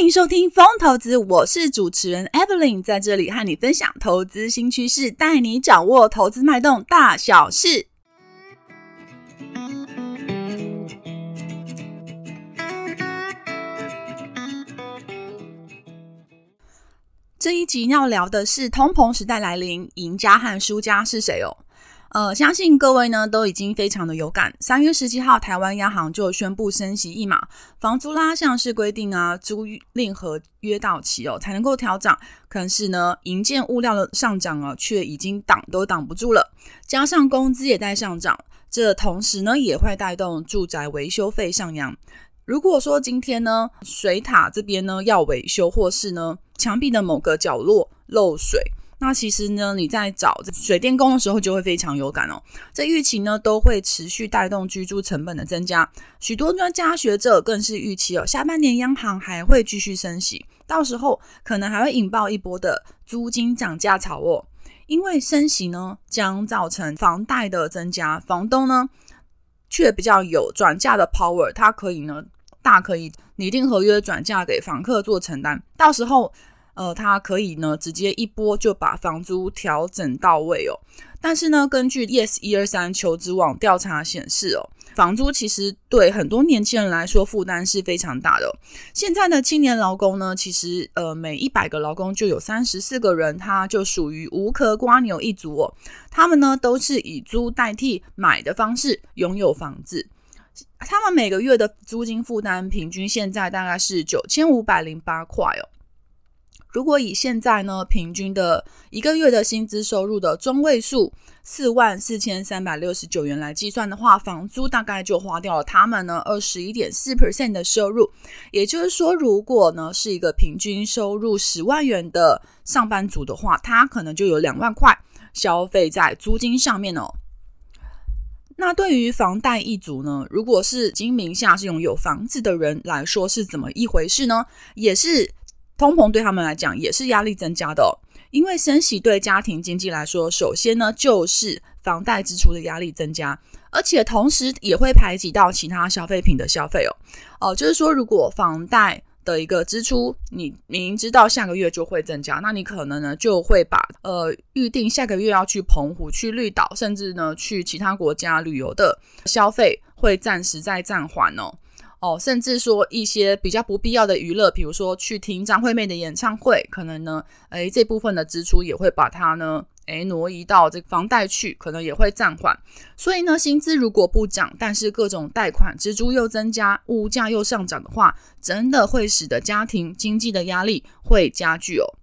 歡迎收聽《瘋投資》，我是主持人 Evelyn，在這裡和你分享投資新趨勢，帶你掌握投資脈動大小事。這一集要聊的是通膨時代來臨，贏家和輸家是誰哦？呃，相信各位呢都已經非常的有感。三月十七號，台灣央行就宣布升息一碼。房租啦，像是規定啊，租賃合約到期哦才能夠調漲。可是呢，營建物料的上漲啊，卻已經擋都擋不住了。加上工資也在上漲，這同時呢也會帶動住宅維修費上揚。如果說今天呢，水塔這邊呢要維修，或是呢牆壁的某個角落漏水。那其實呢，你在找水電工的時候就會非常有感哦。這疫情呢，都會持續帶動居住成本的增加。許多專家學者更是預期哦，下半年央行還會繼續升息，到時候可能還會引爆一波的租金漲價潮哦。因為升息呢，將造成房貸的增加，房東呢，卻比較有轉嫁的 power，他可以呢，大可以擬定合約轉嫁給房客做承擔，到時候。呃，他可以呢，直接一波就把房租調整到位哦。但是呢，根據 YES 一二三求職網調查顯示哦，房租其實對很多年輕人來說負擔是非常大的哦。現在的青年勞工呢，其實呃，每一百個勞工就有三十四個人，他就屬於無殼蝸牛一族哦。他們呢，都是以租代替買的方式擁有房子，他們每個月的租金負擔平均現在大概是九千五百零八塊哦。如果以現在呢，平均的一個月的薪資收入的中位數四萬四千三百六十九元來計算的話，房租大概就花掉了他們呢二十一點四 percent 的收入。也就是說，如果呢是一個平均收入十萬元的上班族的話，他可能就有兩萬塊消費在租金上面哦。那對於房貸一族呢，如果是金名下這種有房子的人來說是怎麼一回事呢？也是。通膨對他們來講也是壓力增加的、哦，因為升息對家庭經濟來說，首先呢就是房貸支出的壓力增加，而且同時也會排擠到其他消費品的消費哦。哦、呃，就是說，如果房貸的一個支出，你明知道下個月就會增加，那你可能呢就會把呃預定下個月要去澎湖、去綠島，甚至呢去其他國家旅遊的消費會暫時在暫緩哦。哦，甚至說一些比較不必要的娛樂，比如說去聽張惠妹的演唱會，可能呢，誒這部分的支出也會把它呢，哎，挪移到這個房貸去，可能也會暫緩。所以呢，薪資如果不漲，但是各種貸款支出又增加，物價又上漲的話，真的會使得家庭經濟的壓力會加劇哦。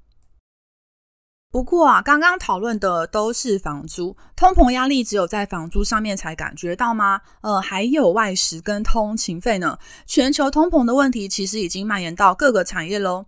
不過啊，剛剛討論的都是房租，通膨壓力只有在房租上面才感覺到嗎？呃，還有外食跟通勤費呢。全球通膨的問題其實已經蔓延到各個產業嘍。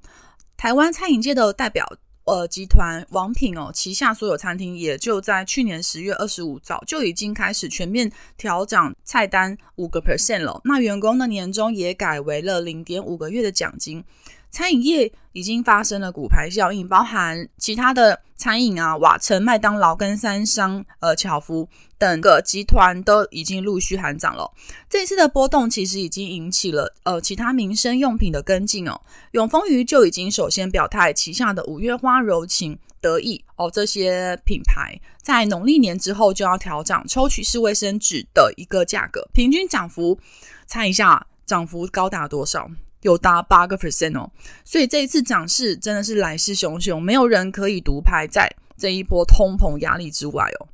台灣餐飲界的代表呃集團王品哦，旗下所有餐廳也就在去年十月二十五早就已經開始全面調漲菜單五個 percent 了。那員工的年終也改為了零點五個月的獎金。餐飲業已經發生了骨牌效應，包含其他的餐飲啊，瓦城、麥當勞跟三商，呃巧福等個集團都已經陸續喊漲了。這一次的波動其實已經引起了呃其他民生用品的跟進哦。永豐餘就已經首先表態，旗下的五月花、柔情、得意哦這些品牌，在農曆年之後就要調漲抽取式衛生紙的一個價格，平均漲幅，猜一下漲幅高達多少？有達八個 percent 哦，喔，所以這一次漲勢真的是來勢洶洶，沒有人可以獨拍在這一波通膨壓力之外哦，喔。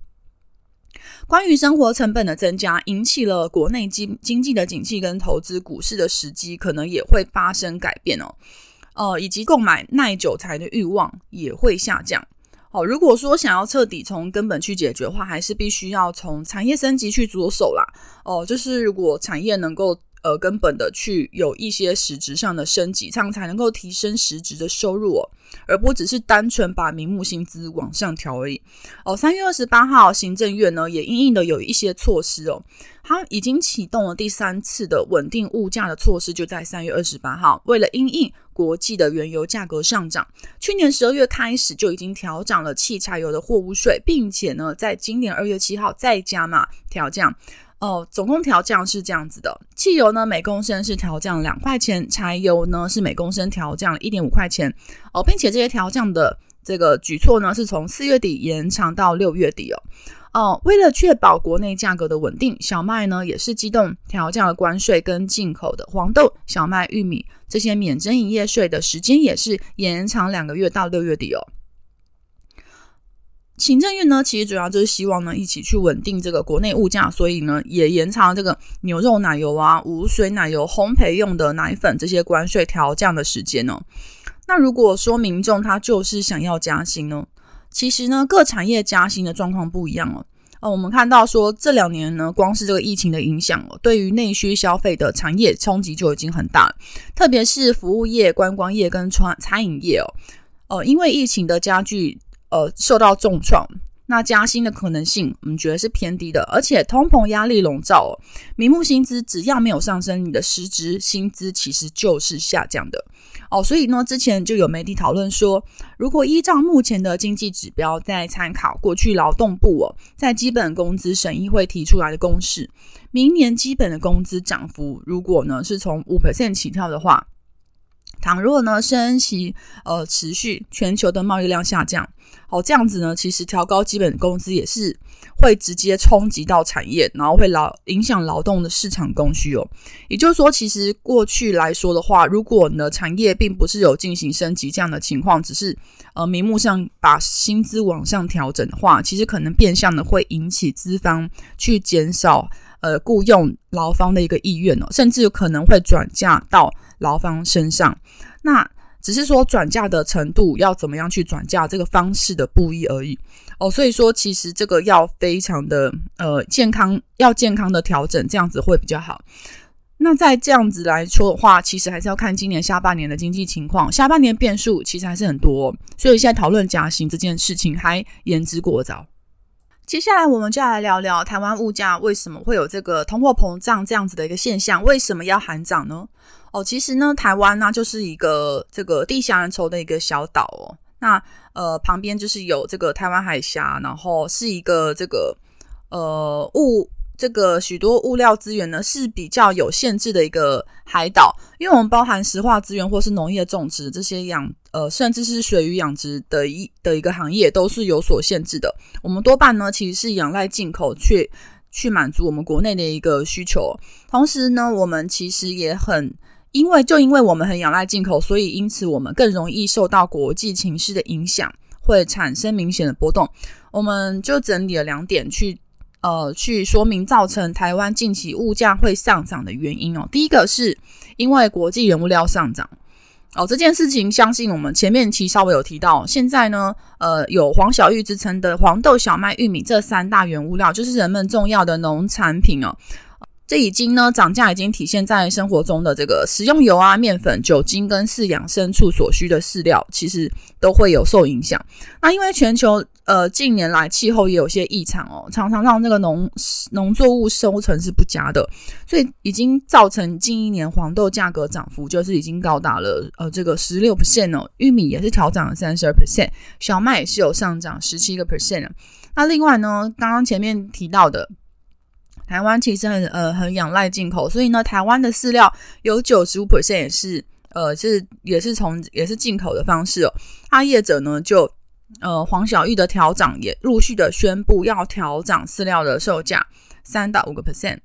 關於生活成本的增加，引起了國內經經濟的景氣跟投資股市的時機可能也會發生改變哦，喔呃。以及購買耐久財的慾望也會下降。哦，如果說想要徹底從根本去解決的話，還是必須要從產業升級去着手啦。哦，就是如果產業能夠。呃，根本的去有一些實質上的升級，這樣才能夠提升實質的收入，哦，而不只是單純把名目薪資往上調而已。哦，三月二十八號，行政院呢也因應的有一些措施哦，它已經啟動了第三次的穩定物價的措施，就在三月二十八號，為了因應國際的原油價格上漲，去年十二月開始就已經調整了汽柴油的貨物稅，並且呢，在今年二月七號再加碼調降。哦，總共調降是這樣子的，汽油呢每公升是調降兩塊錢，柴油呢是每公升調降一點五塊錢。哦，並且這些調降的這個舉措呢，是從四月底延長到六月底哦。哦，為了確保國內價格的穩定，小麥呢也是機動調降了關稅跟進口的黃豆、小麥、玉米這些免徵營業稅的時間也是延長兩個月到六月底哦。行政院呢，其實主要就是希望呢，一起去穩定這個國內物價，所以呢，也延長了這個牛肉奶油啊、無水奶油、烘焙用的奶粉這些關稅調降的時間呢。哦，那如果說民眾他就是想要加薪呢，其實呢，各產業加薪的狀況不一樣哦。呃，我們看到說這兩年呢，光是這個疫情的影響哦，對於內需消費的產業衝擊就已經很大了，特別是服務業、觀光業跟餐餐飲業哦，呃，因為疫情的加劇。呃，受到重創，那加薪的可能性我們、嗯、覺得是偏低的，而且通膨壓力籠罩，哦，名目薪資只要沒有上升，你的實質薪資其實就是下降的哦。所以呢，之前就有媒體討論說，如果依照目前的經濟指標，再參考過去勞動部哦在基本工資審議會提出來的公式，明年基本的工資漲幅如果呢是從五%起跳的話。倘若呢升息呃持續，全球的貿易量下降，好，這樣子呢，其實調高基本工資也是會直接衝擊到產業，然後會勞影響勞動的市場供需哦。也就是說，其實過去來說的話，如果呢產業並不是有進行升級這樣的情況，只是呃名目上把薪資往上調整的話，其實可能變相的會引起資方去減少。呃，僱用勞方的一個意願哦，甚至可能會轉嫁到勞方身上。那只是說轉嫁的程度要怎麼樣去轉嫁，這個方式的不一而已哦。所以說，其實這個要非常的呃健康，要健康的調整，這樣子會比較好。那在這樣子來說的話，其實還是要看今年下半年的經濟情況，下半年變數其實還是很多哦，所以現在討論加薪這件事情還言之過早。接下來我們就來聊聊台灣物價為什麼會有這個通貨膨脹這樣子的一個現象？為什麼要喊漲呢？哦，其實呢，台灣呢、啊、就是一個這個地狹人稠的一個小島哦。那呃旁邊就是有這個台灣海峽，然後是一個這個呃物。這個許多物料資源呢是比較有限制的一個海島，因為我們包含石化資源或是農業種植這些養呃甚至是水域養殖的一的一個行業都是有所限制的。我們多半呢其實是仰賴進口去去滿足我們國內的一個需求，同時呢我們其實也很因為就因為我們很仰賴進口，所以因此我們更容易受到國際情勢的影響，會產生明顯的波動。我們就整理了兩點去。呃，去說明造成台灣近期物價會上漲的原因哦。第一個是因為國際原物料上漲哦，這件事情相信我們前面其實稍微有提到。現在呢，呃，有黃小玉之稱的黃豆、小麥、玉米這三大原物料，就是人們重要的農產品哦。這已經呢漲價已經體現在生活中的這個食用油啊、麵粉、酒精跟飼養牲畜所需的飼料，其實都會有受影響。那因為全球。呃，近年來氣候也有些異常哦，常常讓這個農農作物收成是不佳的，所以已經造成近一年黃豆價格漲幅就是已經高達了呃這個十六 percent 哦，玉米也是調漲了三十二 percent，小麥也是有上漲十七個 percent。那另外呢，剛剛前面提到的，台灣其實很呃很仰賴進口，所以呢，台灣的飼料有九十五 percent 也是呃是也是從也是進口的方式哦，他業者呢就。呃，黃小玉的調漲也陸續的宣布要調漲飼料的售價三到五個 percent，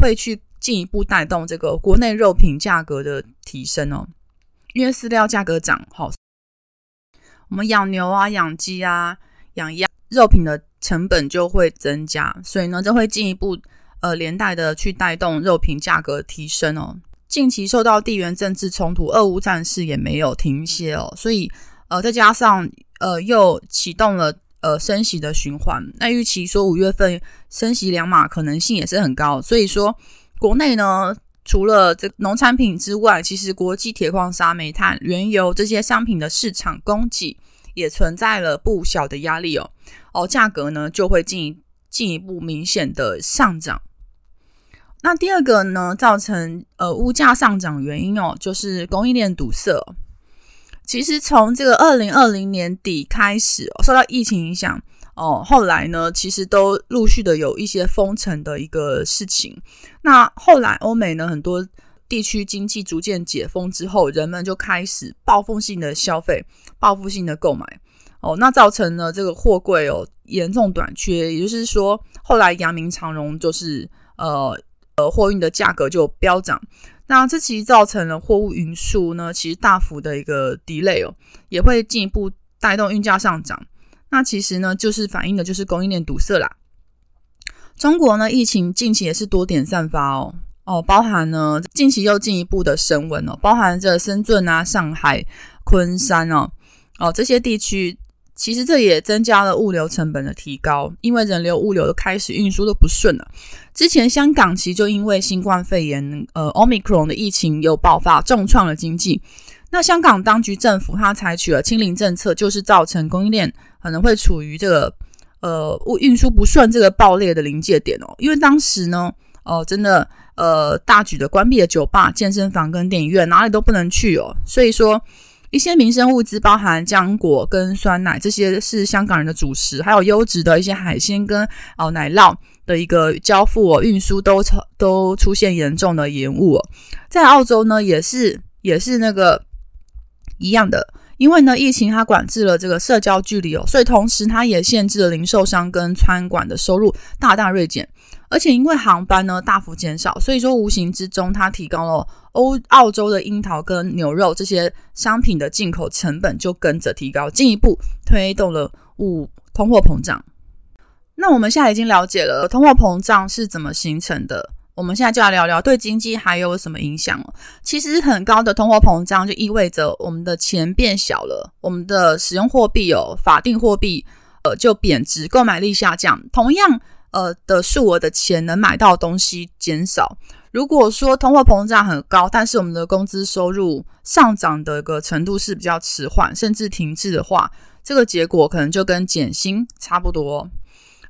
會去進一步帶動這個國內肉品價格的提升哦。因為飼料價格漲，好，我們養牛啊、養雞啊、養鴨肉品的成本就會增加，所以呢，就會進一步呃連帶的去帶動肉品價格提升哦。近期受到地緣政治衝突，俄烏戰事也沒有停歇哦，所以呃再加上。呃，又啟動了呃升息的循環，那預期說五月份升息兩碼可能性也是很高，所以說國內呢，除了這農產品之外，其實國際鐵礦砂、煤炭、原油這些商品的市場供給也存在了不小的壓力哦，哦價格呢就會進一進一步明顯的上漲。那第二個呢，造成呃物價上漲原因哦，就是供應鏈堵塞哦。其實從這個二零二零年底開始，受到疫情影響，哦，後來呢，其實都陸續的有一些封城的一個事情。那後來歐美呢，很多地區經濟逐漸解封之後，人們就開始報復性的消費，報復性的購買，哦，那造成了這個貨櫃哦嚴重短缺，也就是說，後來陽明長榮就是呃呃貨運的價格就飆漲。那這其實造成了貨物運輸呢，其實大幅的一個 delay 哦，也會進一步帶動運價上漲。那其實呢，就是反映的就是供應鏈堵塞啦。中國呢，疫情近期也是多點散發哦，哦，包含呢近期又進一步的升溫哦，包含着深圳啊、上海、昆山哦、哦這些地區。其實這也增加了物流成本的提高，因為人流物流都開始運輸都不順了。之前香港其實就因為新冠肺炎，呃，奧密克戎的疫情又爆發，重創了經濟。那香港當局政府它採取了清零政策，就是造成供應鏈可能會處於這個呃物運輸不順這個爆裂的臨界點哦。因為當時呢，哦、呃，真的呃大舉的關閉了酒吧、健身房跟電影院，哪裡都不能去哦。所以說。一些民生物資，包含漿果跟酸奶，這些是香港人的主食，還有優質的一些海鮮跟哦奶酪的一個交付哦運輸都都出現嚴重的延誤哦。在澳洲呢，也是也是那個一樣的，因為呢疫情它管制了這個社交距離哦，所以同時它也限制了零售商跟餐館的收入大大銳減。而且因為航班呢大幅減少，所以說無形之中它提高了歐澳洲的櫻桃跟牛肉這些商品的進口成本，就跟着提高，進一步推動了五通貨膨脹。那我們現在已經了解了通貨膨脹是怎麼形成的，我們現在就要聊聊對經濟還有什麼影響。其實很高的通貨膨脹就意味着我們的錢變小了，我們的使用貨幣有、哦、法定貨幣，呃，就貶值，購買力下降。同樣。呃的數額的錢能買到的東西減少。如果說通貨膨脹很高，但是我們的工資收入上漲的一個程度是比較遲緩，甚至停滯的話，這個結果可能就跟減薪差不多哦，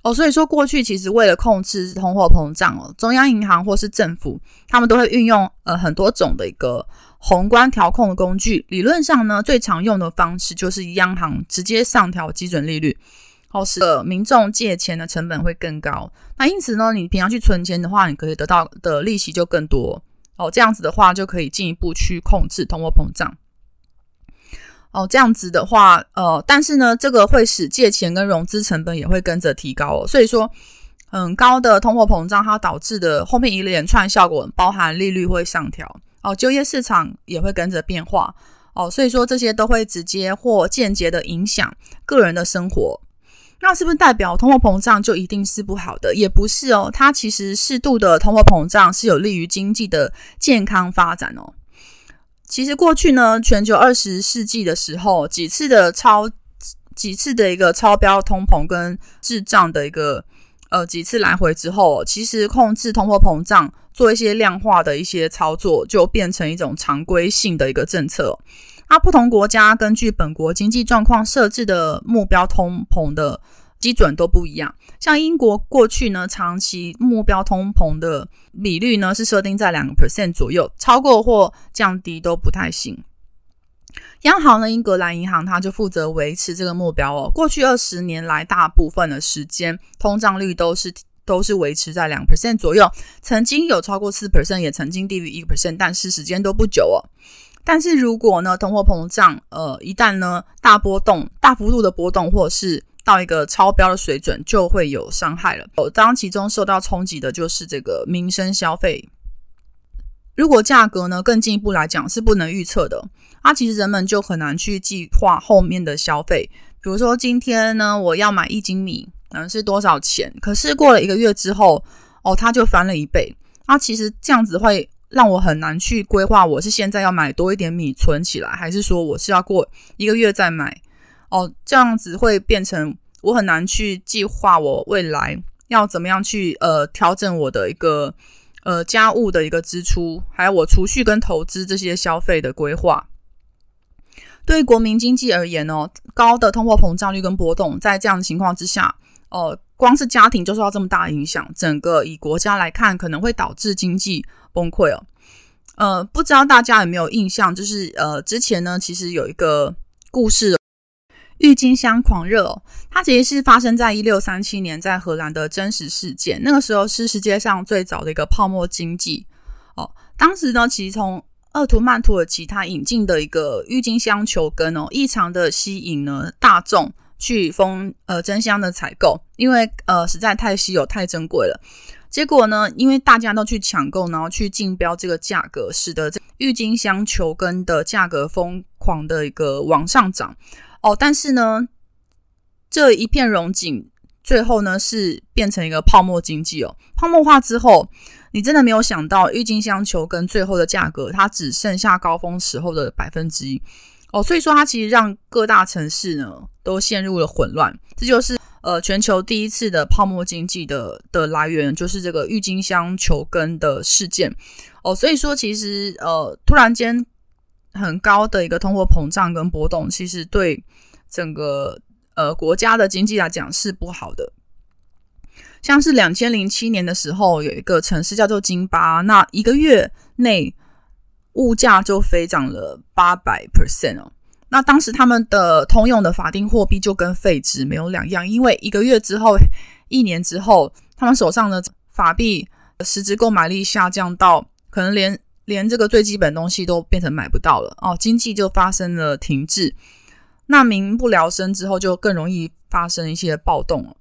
哦。所以說，過去其實為了控制通貨膨脹哦，中央銀行或是政府，他們都會運用呃很多種的一個宏觀調控的工具。理論上呢，最常用的方式就是央行直接上調基準利率。導致的民眾借錢的成本會更高，那因此呢，你平常去存錢的話，你可以得到的利息就更多哦。這樣子的話，就可以進一步去控制通貨膨脹哦。這樣子的話，呃，但是呢，這個會使借錢跟融資成本也會跟着提高哦。所以說，很、嗯、高的通貨膨脹它導致的後面一連串效果，包含利率會上調哦，就業市場也會跟着變化哦。所以說，這些都會直接或間接的影響個人的生活。那是不是代表通貨膨脹就一定是不好的？也不是哦，它其實適度的通貨膨脹是有利於經濟的健康發展哦。其實過去呢，全球二十世紀的時候，幾次的超，幾次的一個超標通膨跟滯脹的一個，呃，幾次來回之後，其實控制通貨膨脹，做一些量化的一些操作，就變成一種常規性的一個政策。那、啊、不同國家根據本國經濟狀況設置的目標通膨的基準都不一樣。像英國過去呢，長期目標通膨的比率呢是設定在兩個 percent 左右，超過或降低都不太行。央行呢，英格蘭銀行它就負責維持這個目標哦。過去二十年來，大部分的時間通脹率都是都是維持在兩 percent 左右，曾經有超過四 percent，也曾經低於一 percent，但是時間都不久哦。但是如果呢，通貨膨脹呃一旦呢大波動，大幅度的波動，或者是到一個超標的水準，就會有傷害了。哦，當其中受到衝擊的就是這個民生消費。如果價格呢更進一步來講是不能預測的，啊，其實人們就很難去計劃後面的消費。比如說今天呢我要買一斤米，嗯、呃、是多少錢？可是過了一個月之後，哦它就翻了一倍。啊，其實這樣子會。讓我很難去規劃，我是現在要買多一點米存起來，還是說我是要過一個月再買？哦，這樣子會變成我很難去計劃我未來要怎麼樣去呃調整我的一個呃家務的一個支出，還有我儲蓄跟投資這些消費的規劃。對於國民經濟而言呢、哦，高的通貨膨脹率跟波動，在這樣的情況之下，哦、呃，光是家庭就受到這麼大影響，整個以國家來看，可能會導致經濟。崩潰哦，呃，不知道大家有沒有印象？就是呃，之前呢，其實有一個故事，哦——鬱金香狂熱哦，它其實是發生在一六三七年，在荷蘭的真實事件。那個時候是世界上最早的一個泡沫經濟哦。當時呢，其實從鄂圖曼土耳其他引進的一個鬱金香球根哦，異常的吸引了大眾去瘋呃爭相的採購，因為呃實在太稀有，太珍貴了。結果呢，因為大家都去搶購，然後去競標這個價格，使得這鬱金香球根的價格瘋狂的一個往上漲。哦，但是呢，這一片榮景最後呢是變成一個泡沫經濟哦。泡沫化之後，你真的沒有想到鬱金香球根最後的價格，它只剩下高峰時候的百分之一。哦，所以說它其實讓各大城市呢都陷入了混亂。這就是。呃，全球第一次的泡沫經濟的的來源就是這個鬱金香球根的事件哦，所以說其實呃，突然間很高的一個通貨膨脹跟波動，其實對整個呃國家的經濟來講是不好的。像是2007年的時候，有一個城市叫做津巴，那一個月內物價就飛漲了八百 percent 哦。那當時他們的通用的法定貨幣就跟廢紙沒有兩樣，因為一個月之後、一年之後，他們手上的法幣的實質購買力下降到可能連連這個最基本東西都變成買不到了哦，經濟就發生了停滯。那民不聊生之後，就更容易發生一些暴動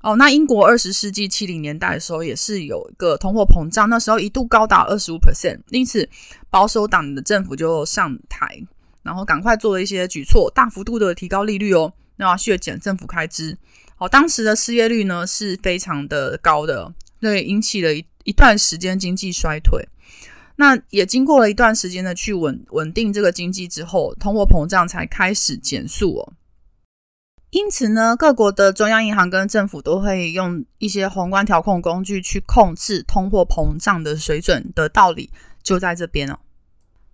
哦。那英國二十世紀七零年代的時候也是有一個通貨膨脹，那時候一度高達二十五 percent，因此保守黨的政府就上台。然後趕快做了一些舉措，大幅度的提高利率哦，那削、啊、減政府開支。好、哦，當時的失業率呢是非常的高的，所以引起了一一段時間經濟衰退。那也經過了一段時間的去穩穩定這個經濟之後，通貨膨脹才開始減速哦。因此呢，各國的中央銀行跟政府都會用一些宏觀調控工具去控制通貨膨脹的水準的道理就在這邊哦。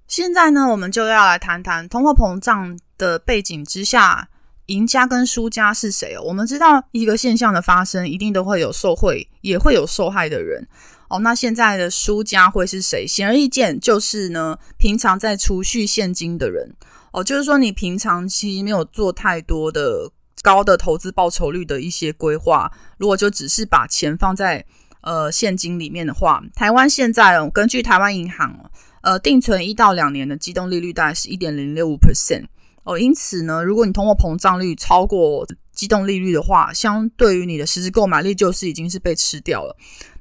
現在呢，我們就要來談談通貨膨脹的背景之下，贏家跟輸家是誰哦？我們知道一個現象的發生，一定都會有受惠，也會有受害的人哦。那現在的輸家會是誰？顯而易見，就是呢，平常在儲蓄現金的人哦，就是說你平常其實沒有做太多的高的投資報酬率、的一些規劃，如果就只是把錢放在呃現金裡面的話，台灣現在哦，根據台灣銀行哦，呃，定存一到兩年的機動利率大概是一點零六五 percent 哦。因此呢，如果你通貨膨脹率超過機動利率的話，相對於你的實際購買力就是已經是被吃掉了。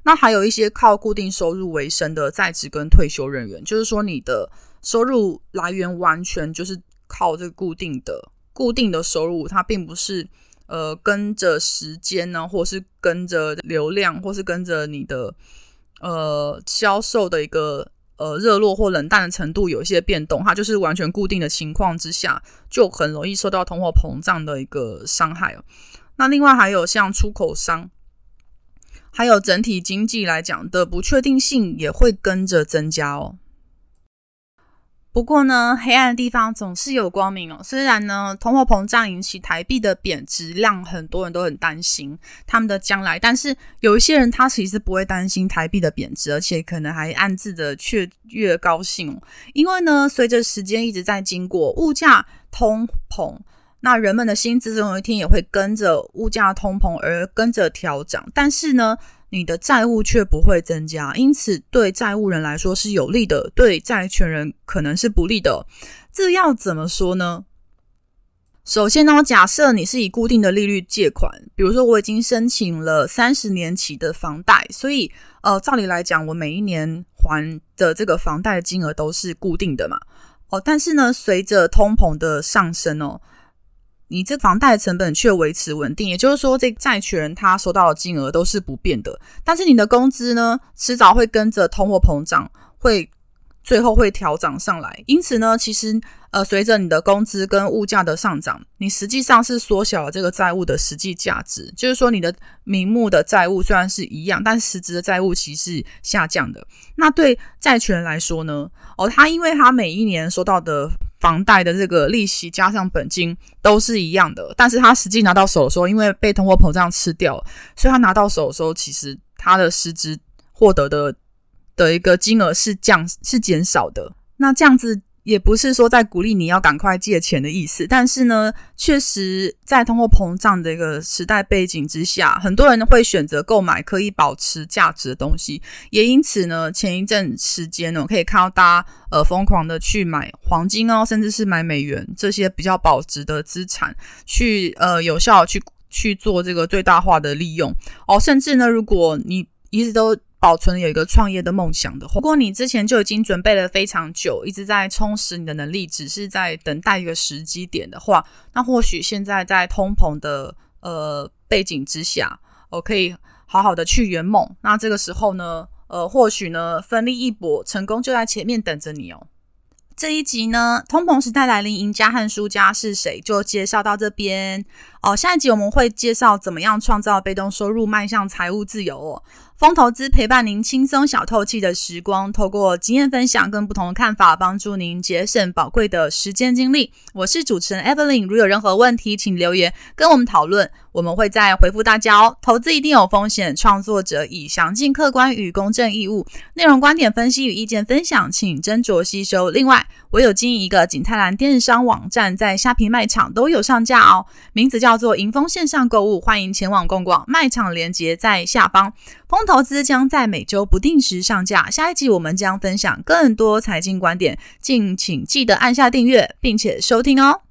那還有一些靠固定收入為生的在職跟退休人員，就是說你的收入來源完全就是靠這個固定的固定的收入，它並不是呃跟着時間呢，或是跟着流量，或是跟着你的呃銷售的一個。呃，熱絡或冷淡的程度有一些變動，它就是完全固定的情況之下，就很容易受到通貨膨脹的一個傷害喔。那另外還有像出口商，還有整體經濟來講的不確定性也會跟着增加哦、喔。不過呢，黑暗的地方總是有光明哦。雖然呢，通貨膨脹引起台幣的貶值，讓很多人都很擔心他們的將來。但是有一些人他其實不會擔心台幣的貶值，而且可能還暗自的雀躍高興哦。因為呢，隨着時間一直在經過物價通膨，那人們的薪資總有一天也會跟着物價通膨而跟着調漲，但是呢。你的債務卻不會增加，因此對債務人來說是有利的，對債權人可能是不利的。這要怎麼說呢？首先呢，哦，假設你是以固定的利率借款，比如說我已經申請了三十年期的房貸，所以呃，照理來講，我每一年還的這個房貸金額都是固定的嘛。哦，但是呢，隨着通膨的上升哦。你這房貸成本卻維持穩定，也就是說，這債權人他收到的金額都是不變的。但是你的工資呢，遲早會跟着通貨膨脹，會最後會調漲上來。因此呢，其實呃，隨着你的工資跟物價的上漲，你實際上是縮小了這個債務的實際價值。就是說，你的名目的債務雖然是一樣，但實質的債務其實是下降的。那對債權人來說呢？哦，他因為他每一年收到的房貸的這個利息加上本金都是一樣的，但是他實際拿到手的時候，因為被通貨膨脹吃掉，所以他拿到手的時候，其實他的實質獲得的的一個金額是降，是減少的。那這樣子。也不是說在鼓勵你要趕快借錢的意思，但是呢，確實在通貨膨脹的一個時代背景之下，很多人會選擇購買可以保持價值的東西，也因此呢，前一陣時間呢，我可以看到大家呃瘋狂的去買黃金哦，甚至是買美元這些比較保值的資產，去呃有效去去做這個最大化的利用哦，甚至呢，如果你一直都。保存有一個創業的夢想的話，如果你之前就已經準備了非常久，一直在充實你的能力，只是在等待一個時機點的話，那或許現在在通膨的呃背景之下，我、呃、可以好好的去圓夢。那這個時候呢，呃，或許呢奮力一搏，成功就在前面等着你哦。這一集呢，通膨時代來臨，贏家和輸家是誰？就介紹到這邊。哦，下一集我們會介紹怎麼樣創造被動收入，邁向財務自由哦。瘋投資陪伴您輕鬆小透氣的時光，透過經驗分享跟不同的看法，幫助您節省寶貴的時間精力。我是主持人 Evelyn，如有任何問題，請留言跟我們討論，我們會再回復大家哦。投資一定有風險，創作者已詳盡、客觀與公正義務，內容觀點分析與意見分享，請斟酌吸收。另外，我有經營一個景泰藍電商網站，在蝦皮賣場都有上架哦，名字叫。叫做瑩豐線上購物，歡迎前往逛逛。賣場連結在下方。瘋投資將在每周不定時上架。下一集我們將分享更多財經觀點，敬請記得按下訂閱並且收聽哦。